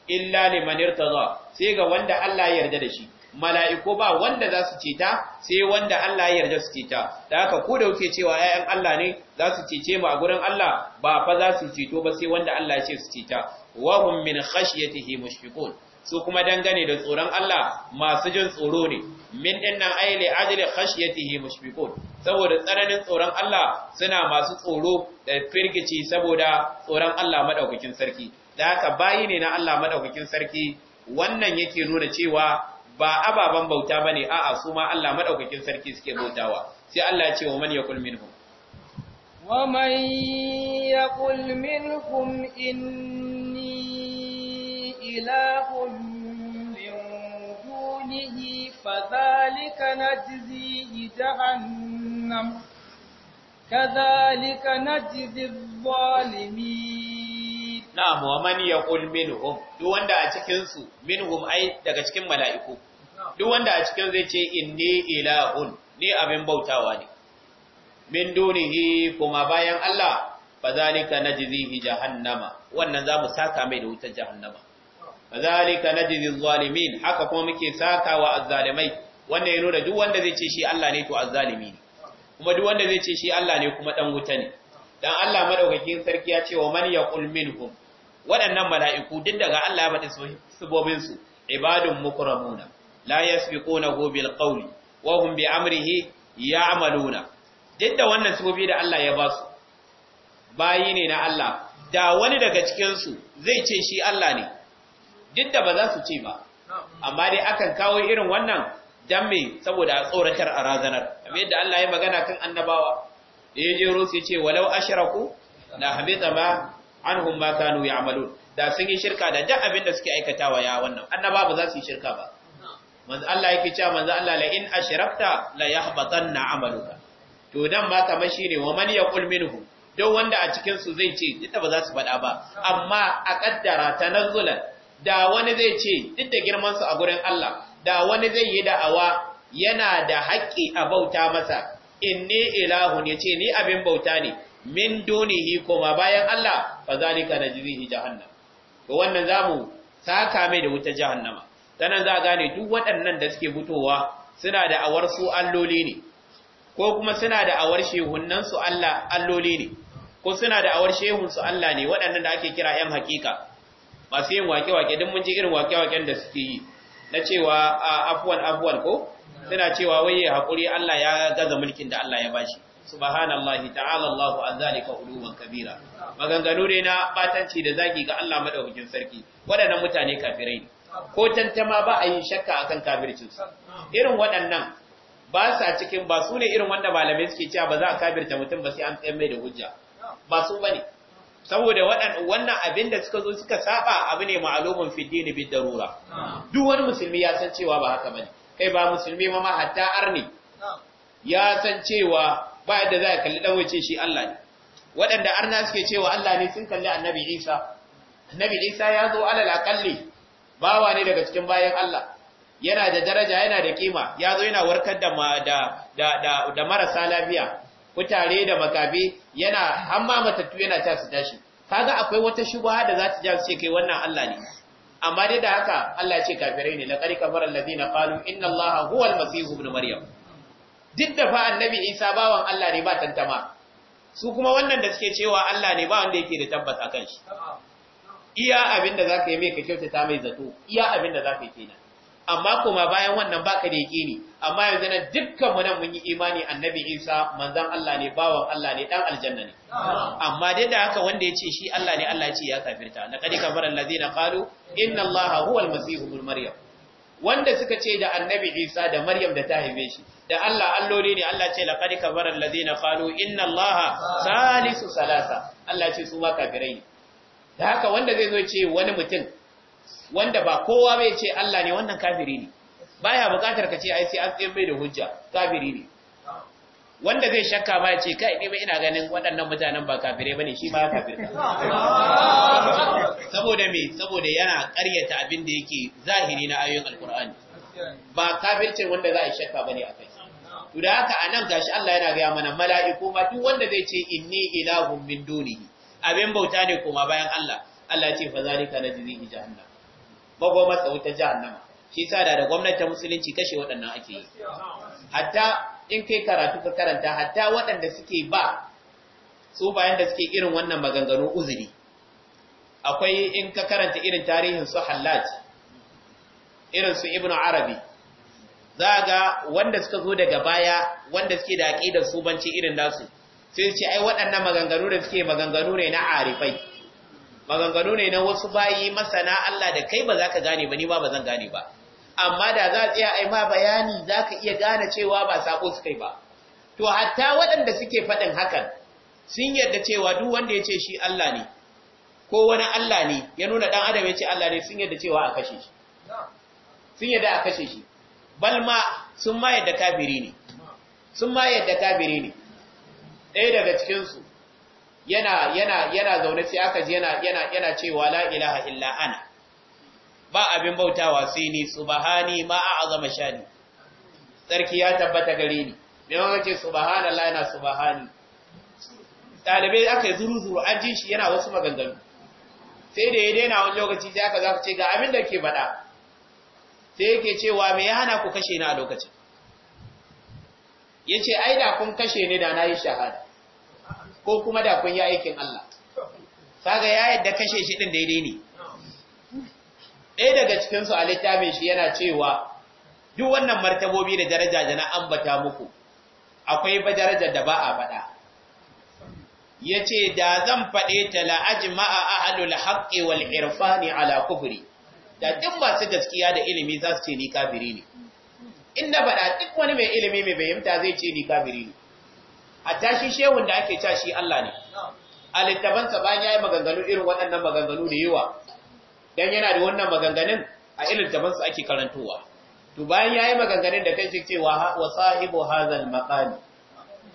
illa liman irtada sai ga wanda Allah ya yarda da shi mala'iku ba wanda za su ceta sai wanda Allah ya yarda su ceta da haka ko da kuke cewa 'ya'yan Allah ne za su cece mu a gurin Allah ba fa za su ceto ba sai wanda Allah ya ce su ceta wa hum min khashyatihi mushfiqun su kuma dangane da tsoron Allah masu jin tsoro ne min dinnan aile ajli khashyatihi mushfiqun saboda tsananin tsoron Allah suna masu tsoro da firgici saboda tsoron Allah madaukakin sarki da haka bayi ne na Allah madaukakin sarki wannan yake nuna cewa ba ababan bauta bane a'a su ma Allah madaukakin sarki suke bautawa sai Allah ya ce wa man yakul minhum wa man yakul minhum in إله من دونه فذلك نجزيه جهنم كذلك نجزي الظالمين نعم ومن يقول منهم duk wanda a cikin su minhum ai daga cikin mala'iku duk wanda a cikin zai ce inni ilahun ni abin bautawa ne min dunihi kuma bayan Allah fa wannan zamu saka mai da wutar jahannama fadhalika najzi zalimin haka kuma muke sakawa azzalimai wanda ya nuna duk wanda zai ce shi Allah ne to azzalimi ne kuma duk wanda zai ce shi Allah ne kuma dan wuta ne dan Allah madaukakin sarki ya ce wa man yaqul minhum waɗannan mala'iku duk daga Allah ya bada subobin su ibadun mukramuna la yasbiqunahu bil qawli wa hum bi amrihi ya'maluna duk da wannan subobi da Allah ya ba su bayi ne na Allah da wani daga cikin su zai ce shi Allah ne duk da ba za su ce ba amma dai akan kawo irin wannan dan me saboda a tsoratar a razanar kamar yadda Allah ya magana kan annabawa da ya jero sai ce walau ashraku la habita ma anhum ma kanu ya'malun da sun yi shirka da duk abin da suke aikatawa ya wannan annaba ba za su yi shirka ba manzo Allah yake cewa manzo Allah la in ashrakta la yahbatanna amaluka to dan ma kamar shine wa man yaqul minhu don wanda a cikin su zai ce ita ba za su faɗa ba amma a kaddara tanazzulan da wani zai ce duk da girmansu a gurin Allah da wani zai yi da'awa yana da haƙƙi a bauta masa inni ilahun ya ce ni abin bauta ne min dunihi koma bayan Allah fa zalika najzihi jahannam to wannan zamu saka mai da wuta jahannama sanan za gane duk waɗannan da suke fitowa suna da awar su alloli ne ko kuma suna da awar shehunnan su Allah alloli ne ko suna da awar shehun su Allah ne waɗannan da ake kira 'yan hakika masu yin wake-wake don mun ji irin wake-waken da suke yi na cewa afuwan afuwan ko suna cewa waye haƙuri Allah ya gaza mulkin da Allah ya bashi shi? ta'ala Allahu an zalika uluwan kabira maganganu ne na batanci da zagi ga Allah madaukakin sarki waɗannan mutane kafirai ne ko tantama ba a yi shakka akan kafircin su irin waɗannan ba sa cikin ba su ne irin wanda malamai suke cewa ba za a kafirta mutum ba sai an tsaye mai da hujja ba su bane saboda wannan abin da suka zo suka saba abu ne ma'alumin fiddini bi darura duk wani musulmi ya san cewa ba haka bane kai ba musulmi ma hatta arni ya san cewa ba yadda za ka kalli dan wace shi Allah ne waɗanda arna suke cewa Allah ne sun kalli annabi Isa annabi Isa ya zo alal aqalli bawa ne daga cikin bayan Allah yana da daraja yana da kima ya zo yana warkar da da da marasa lafiya kutare da makabi yana hamma matattu yana ta su tashi kaga akwai wata shubha da za ta ja su ce kai wannan Allah ne amma dai da haka Allah ya ce kafirai ne laqad kafara allazina qalu inna allaha huwal masih ibn maryam duk da fa annabi Isa bawan Allah ne ba tantama su kuma wannan da suke cewa Allah ne ba wanda yake da tabbas akan shi iya abinda zaka yi mai ka kyautata mai zato iya abinda zaka yi kenan amma kuma bayan wannan baka da yaqini amma yanzu nan dukkan mu nan mun yi imani annabi Isa manzon Allah ne bawan Allah ne dan aljanna ne amma dai da haka wanda ya ce shi Allah ne Allah ya ce ya kafirta laqad kafara allazina qalu inna allaha huwal masih ibn maryam wanda suka ce da annabi Isa da Maryam da ta haife shi da Allah alloli ne Allah ce laqad kafara allazina qalu inna allaha salisu salasa Allah ce su ma kafirai da haka wanda zai zo ce wani mutum wanda ba kowa bai ce Allah ne wannan kafiri ne baya bukatar ka ce ai sai an tsaye mai da hujja kafiri ne wanda zai shakka ba ya ce kai ne ba ina ganin waɗannan mutanen ba kafirai bane shi ma kafirta saboda me saboda yana ƙaryata abin da yake zahiri na ayoyin alkur'ani ba kafircin wanda za a shakka bane kai to da haka anan gashi Allah yana ga mana mala'iku ma duk wanda zai ce inni ilahu min dunihi abin bauta ne kuma bayan Allah Allah ce fa zalika najzi jahannam magomarsa wuta nan shi sa da gwamnatin musulunci kashe waɗannan ake yi hatta in kai karatu ka karanta hatta waɗanda suke ba su bayan da suke irin wannan maganganu uzuri akwai in ka karanta irin tarihin su hallaj irin su ibnu arabi za ga wanda suka zo daga baya wanda suke da aƙidar subanci irin nasu sai ce ai waɗannan maganganu da suke maganganu ne na arifai maganganu ne na wasu bayi masana Allah da kai ba za ka gane ba ni ba ba zan gane ba amma da za a tsaya ai ma bayani za ka iya gane cewa ba sako su kai ba to hatta waɗanda suke faɗin hakan sun yarda cewa duk wanda ya ce shi Allah ne ko wani Allah ne ya nuna ɗan adam ya ce Allah ne sun yarda cewa a kashe shi sun yarda a kashe shi bal ma sun ma yarda kafiri ne sun ma yarda kafiri ne ɗaya daga cikinsu yana yana yana zaune sai aka ji yana yana yana cewa la ilaha illa ana ba abin bautawa sai ni subhani ma a'azama shani sarki ya tabbata gare ni me ma kace subhanallahi na subhani talibai aka yi zuru zuru an ji shi yana wasu maganganu sai da ya daina wani lokaci sai aka zaka ce ga abin da ke faɗa sai yake cewa me ya hana ku kashe ni a lokacin yace ai da kun kashe ni da nayi shahada ko kuma da kun yi aikin Allah kaga ya yadda kashe shi din daidai ne ɗaya daga cikin su a littafin shi yana cewa duk wannan martabobi da daraja da na ambata muku akwai ba daraja da ba a faɗa yace da zan faɗe ta la ajma'a ahlul haqqi wal irfani ala kufri da duk masu gaskiya da ilimi za su ce ni kafiri ne inda faɗa duk wani mai ilimi mai fahimta zai ce ni kafiri ne hatta shi shehun da ake cewa shi Allah ne a littafansa bayan yayi maganganu irin waɗannan maganganu da yawa dan yana da wannan maganganun a irin littafansa ake karantowa to bayan yayi maganganun da kai ce wa sahibu hadhal maqami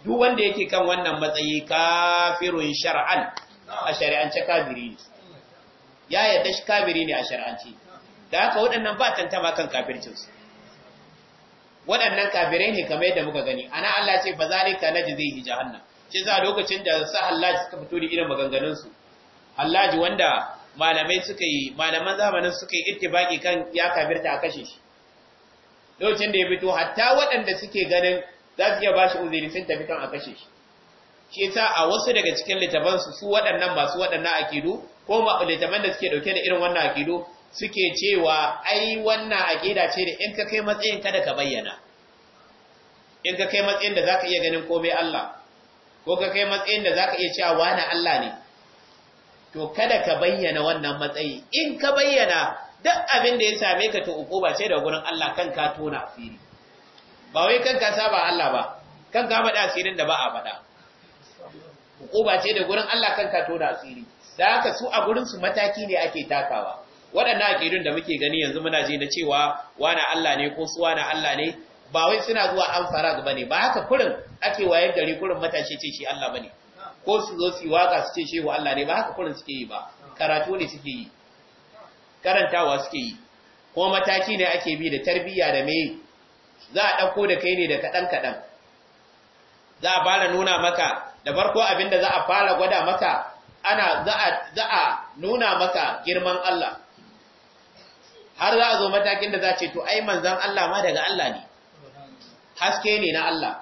duk wanda yake kan wannan matsayi kafirun shar'an a shari'ance kafiri ne ya yadda shi kabiri ne a shari'ance da haka waɗannan ba tantama kan kafircinsu waɗannan kafirai ne kamar yadda muka gani ana Allah ce fa zalika najzihi jahannam ce za lokacin da su Allah suka fito da irin maganganun su Allah wanda malamai suka yi malaman zamanin suka yi ittibaki kan ya kafirta a kashe shi lokacin da ya fito hatta waɗanda suke ganin za su iya bashi uzuri sun tafi kan a kashe shi shi yasa a wasu daga cikin littafan su su waɗannan masu waɗannan akidu ko littafan da suke dauke da irin wannan akidu suke cewa ai wannan aqida ce da in ka kai matsayin kada ka bayyana in ka kai matsayin da zaka iya ganin komai Allah ko ka kai matsayin da zaka iya cewa wani Allah ne to kada ka bayyana wannan matsayi in ka bayyana duk abin da ya same ka to ba ce da gurin Allah kan ka tona asiri ba wai kan saba Allah ba kan ka da asirin da ba a faɗa ba ce da gurin Allah kan ka tona asiri da haka su a gurin su mataki ne ake takawa waɗannan aƙidun da muke gani yanzu muna ji na cewa wani Allah ne ko su wana Allah ne ba wai suna zuwa an fara ba ne ba haka kurin ake wayar gari kurin matashi ce shi Allah bane. ko su zo su yi waka su ce shehu Allah ne ba haka kurin suke yi ba karatu ne suke yi karantawa suke yi Kuma mataki ne ake bi da tarbiyya da me za a ɗauko da kai ne da kaɗan kaɗan za a fara nuna maka da farko abin da za a fara gwada maka ana za a nuna maka girman Allah har za a zo matakin da za ce to ai manzan Allah ma daga Allah ne haske ne na Allah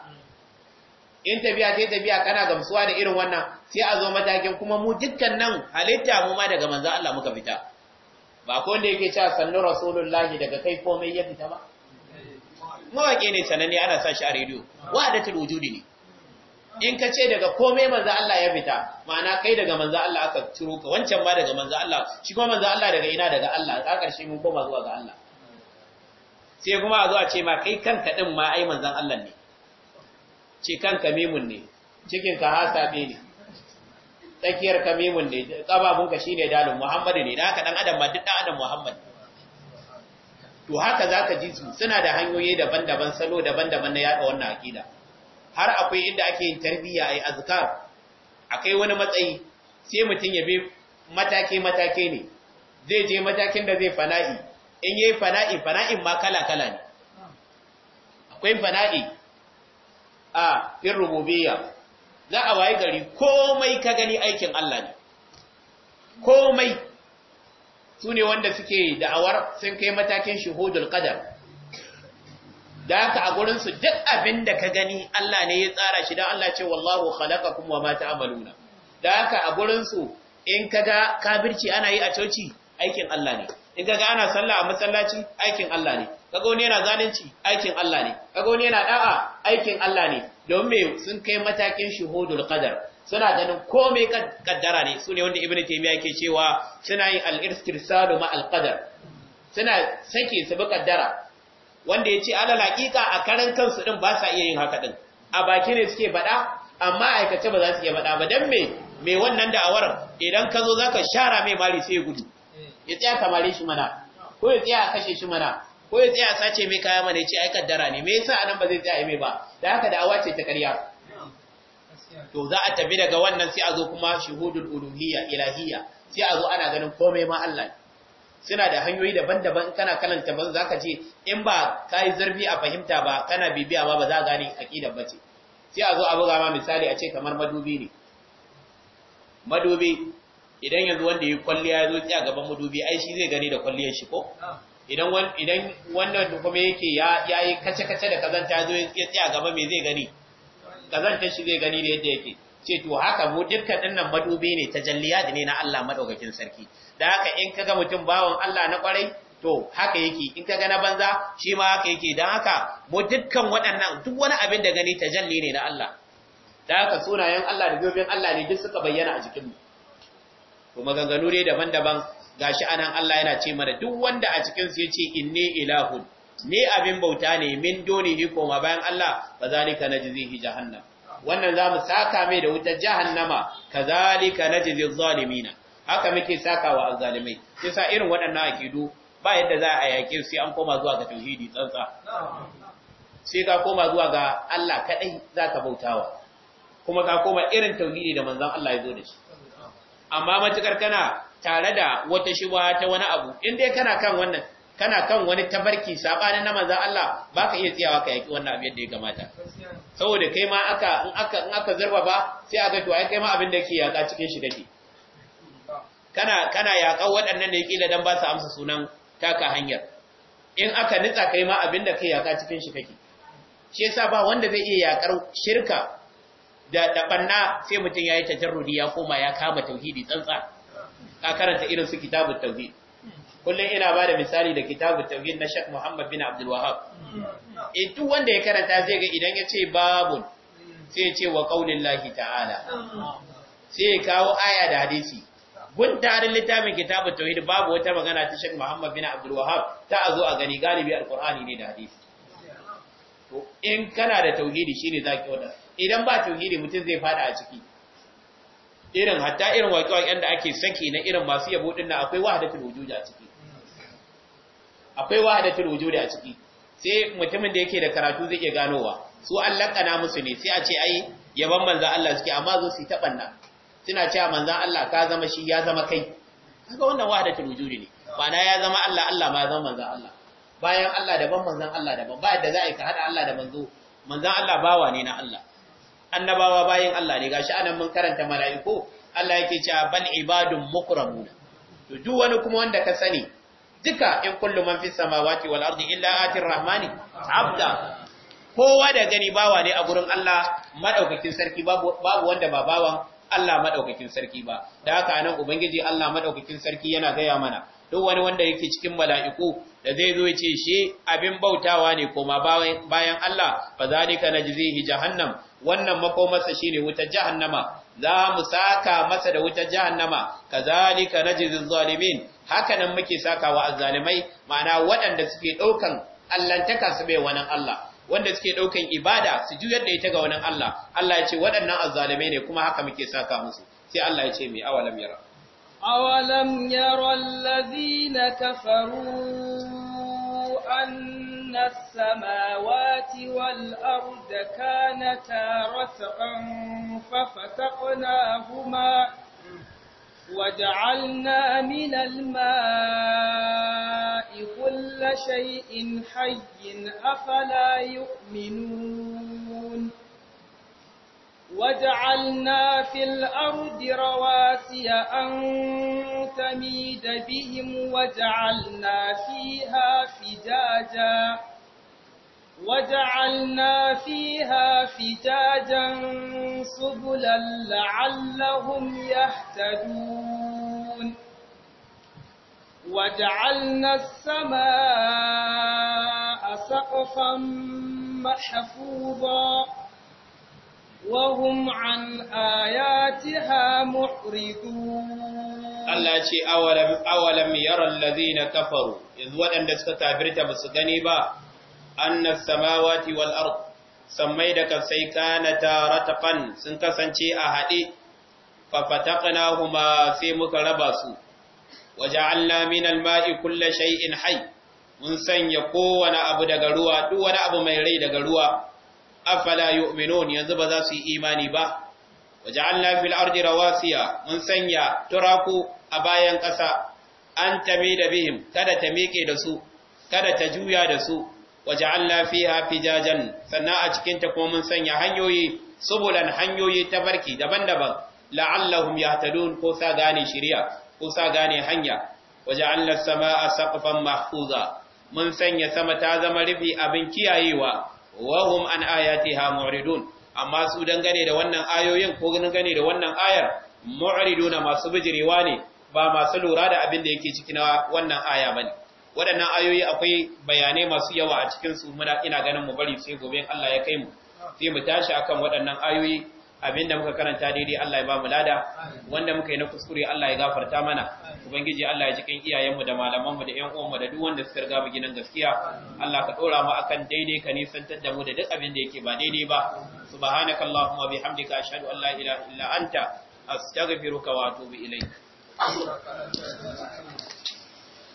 in tafiya ta tafiya kana gamsuwa da irin wannan sai a zo matakin kuma mu dukkan nan halitta mu ma daga manzan Allah muka fita ba ko wanda yake cewa sannu rasulullahi daga kai komai ya fita ba mawaƙi ne sananne ana sa shi a rediyo wa'adatul wujudi ne in ka ce daga komai manzo Allah ya fita ma'ana kai daga manzo Allah aka ciro ka wancan ma daga manzo Allah shi kuma manzo Allah daga ina daga Allah a ƙarshe mun koma zuwa ga Allah sai kuma a zo a ce ma kai kanka din ma ai manzon Allah ne ce kanka mimun ne cikin ka hasa be ne tsakiyar ka mimun ne kababun ka shine dalil Muhammadu ne da haka dan adam ma duk dan adam Muhammad to haka zaka ji su suna da hanyoyi daban-daban salo daban-daban na yada wannan aqida har akwai inda ake yin tarbiyya ai azkar akai wani matsayi sai mutum ya bi matake matake ne zai je matakin da zai fana'i in yayi fana'i fana'in ma kala kala ne akwai fana'i a fil rububiyya za a waye gari komai ka gani aikin Allah ne komai sune wanda suke da'awar sun kai matakin shuhudul qadar da haka a gurinsu duk abin da ka gani Allah ne ya tsara shi don Allah ce wallahu khalaqakum wa ma ta'maluna da haka a gurinsu in kaga kabirci ana yi a coci aikin Allah ne in kaga ana sallah a masallaci aikin Allah ne kaga wani yana zalunci aikin Allah ne kaga wani yana da'a aikin Allah ne don me sun kai matakin shuhudul qadar suna ganin komai kaddara ne sune ne wanda ibnu taymiya ke cewa suna yin al-istirsalu ma al-qadar suna sake su bi kaddara wanda ya ce alal haƙiƙa a karan kansu ɗin ba sa iya yin haka ɗin a baki ne suke faɗa amma aikace ba za su iya faɗa ba don me mai wannan da awar idan ka zo za ka shara mai mari sai ya gudu ya tsaya kamare shi mana ko ya tsaya a kashe shi mana ko ya tsaya a sace mai kaya mana ya ce aikar dara ne me yasa anan ba zai tsaya mai ba da haka da awa ce ta ƙarya to za a tafi daga wannan sai a zo kuma shuhudul uluhiyya ilahiyya sai a zo ana ganin komai ma Allah suna da hanyoyi daban-daban kana kalanta ba za ka ce in ba ka yi zarfi a fahimta ba kana bibiya ba ba za a gane aƙidar ba ce sai a zo a buga ma misali a ce kamar madubi ne madubi idan yanzu wanda ya kwalliya ya zo tsaya gaban madubi ai shi zai gani da kwalliyar shi ko idan idan wannan kuma yake ya yayi kace kace da kazanta ya zo ya tsaya gaba me zai gani Kazanta shi zai gani da yadda yake ce to haka mu dukkan dinnan madubi ne tajalliyat ne na Allah madaukakin sarki da haka in kaga mutum bawon Allah na kwarai to haka yake in kaga na banza shi ma haka yake dan haka mu dukkan waɗannan duk wani abin da gani tajalli ne na Allah da haka sunayen Allah da gobin Allah ne duk suka bayyana a cikin mu to maganganu ne daban-daban gashi anan Allah yana ce mana duk wanda a cikin su yace inni ilahun Ni abin bauta ne min doni ni koma bayan Allah fa zalika najzihi jahannam wannan za mu saka mai da wutar jahannama kazalika najzi zalimina haka muke saka wa azzalimai sa irin waɗannan akidu ba yadda za a yake sai an koma zuwa ga tauhidi tsantsa sai ka koma zuwa ga Allah kadai zaka bautawa kuma ka koma irin tauhidi da manzon Allah ya zo da shi amma matukar kana tare da wata shubha ta wani abu in dai kana kan wannan kana kan wani tabarki sabanin na manzon Allah ba ka iya tsayawa ka yaki wannan abin da ya kamata saboda kai ma aka in aka in zarba ba sai aka to ai kai ma abin da ke yaka cikin shi kake kana kana yakan waɗannan ne kila dan ba su amsa sunan taka hanyar in aka nitsa kai ma abin da ke yaka cikin shi kake shi yasa ba wanda zai iya yakar shirka da da banna sai mutun yayi tajarrudi ya koma ya kama tauhidi tsantsa ka karanta irin su kitabut tauhid kullum ina ba da misali da kitabu tauhid na Sheikh Muhammad bin Abdul Wahhab eh duk wanda ya karanta zai ga idan ya ce babun sai ya ce wa qaulillahi ta'ala sai ya kawo aya da hadisi gun tarin littafin kitabu tauhid babu wata magana ta Sheikh Muhammad bin Abdul Wahhab ta azo a gani galibi alqur'ani ne da hadisi to in kana da tauhidi shine zaki wada idan ba tauhidi mutum zai fada a ciki irin hatta irin waƙe-waƙen da ake saki na irin masu yabo din nan akwai wahadatul wujud a ciki akwai wahadatul wujudi a ciki sai mutumin da yake da karatu zai iya ganowa su an lakana musu ne sai a ce ai yaban manzan Allah suke amma zo su tabanna suna cewa manzan Allah ka zama shi ya zama kai kaga wannan wahadatul wujudi ne na ya zama Allah Allah ma ya zama manzan Allah bayan Allah daban manzan Allah daban ba yadda za a yi ka hada Allah da manzo manzan Allah bawa ne na Allah annabawa bayan Allah ne gashi anan mun karanta mala'iku Allah yake cewa bal ibadun mukramuna to duk wani kuma wanda ka sani duka in kullu man fis samawati wal ardi illa atir rahmani abda kowa da gani bawa ne a gurin Allah madaukakin sarki babu wanda ba bawan Allah madaukakin sarki ba da haka anan ubangiji Allah madaukakin sarki yana gaya mana duk wani wanda yake cikin mala'iku da zai zo ce shi abin bautawa ne koma bayan Allah fa zalika najzihi jahannam wannan makomarsa shine wuta jahannama za mu saka masa da wutar jahannama kazalika najzil zalimin haka nan muke saka wa azzalimai ma'ana waɗanda suke ɗaukan allantaka su bai wani Allah wanda suke ɗaukan ibada su juyar da ita ga wani Allah Allah ya ce waɗannan azzalimai ne kuma haka muke saka musu sai Allah ya ce mai awalam yara awalam yara allazina kafaru an إن السماوات والأرض كانتا رتقا ففتقناهما وجعلنا من الماء كل شيء حي أفلا يؤمنون وجعلنا في الأرض رواسي أن تميد بهم وجعلنا فيها فجاجا وجعلنا فيها فجاجا سبلا لعلهم يهتدون وجعلنا السماء سقفا محفوظا وهم عن آياتها معرضون Allah ce awalam yaral ladina kafaru yanzu waɗanda suka kafirta ba gani ba annas samawati wal ard sammai da kasai kana taratqan sun kasance a haɗe. fa fataqnahuma sai muka raba su waja'alna min al-ma'i kulli shay'in hayy mun sanya kowane abu daga ruwa duk wani abu mai rai daga ruwa afala yu'minun yanzu ba za su yi imani ba waja'alna fil ardi rawasiya mun sanya turaku a bayan ƙasa an tamida bihim kada ta miƙe da su kada ta juya da su waja'alna fiha fijajan sannan a cikin ta kuma mun sanya hanyoyi subulan hanyoyi ta barki daban-daban la'allahum yahtadun ko sa gane shari'a ko sa gane hanya waja'alna samaa saqfan mahfuza mun sanya sama ta zama rufi abin kiyayewa wahum an ayatiha mu'ridun amma su dangane da wannan ayoyin ko dangane da wannan ayar mu'riduna masu bijirewa ne ba masu lura da abin da yake cikin wannan aya bane waɗannan ayoyi akwai bayanai masu yawa a cikin su muna ina ganin mu bari sai gobe Allah ya kai mu sai mu tashi akan waɗannan ayoyi abinda muka karanta daidai Allah ya ba mu lada wanda muka yi na kuskure Allah ya gafarta mana ubangiji Allah ya jikin iyayenmu da malamanmu da ƴan uwanmu da duk wanda suka riga mu gidan gaskiya Allah ka dora mu akan daidai ka nisantar da mu da duk abin da yake ba daidai ba subhanaka allahumma bihamdika ashhadu an la ilaha illa anta astaghfiruka wa atubu ilaik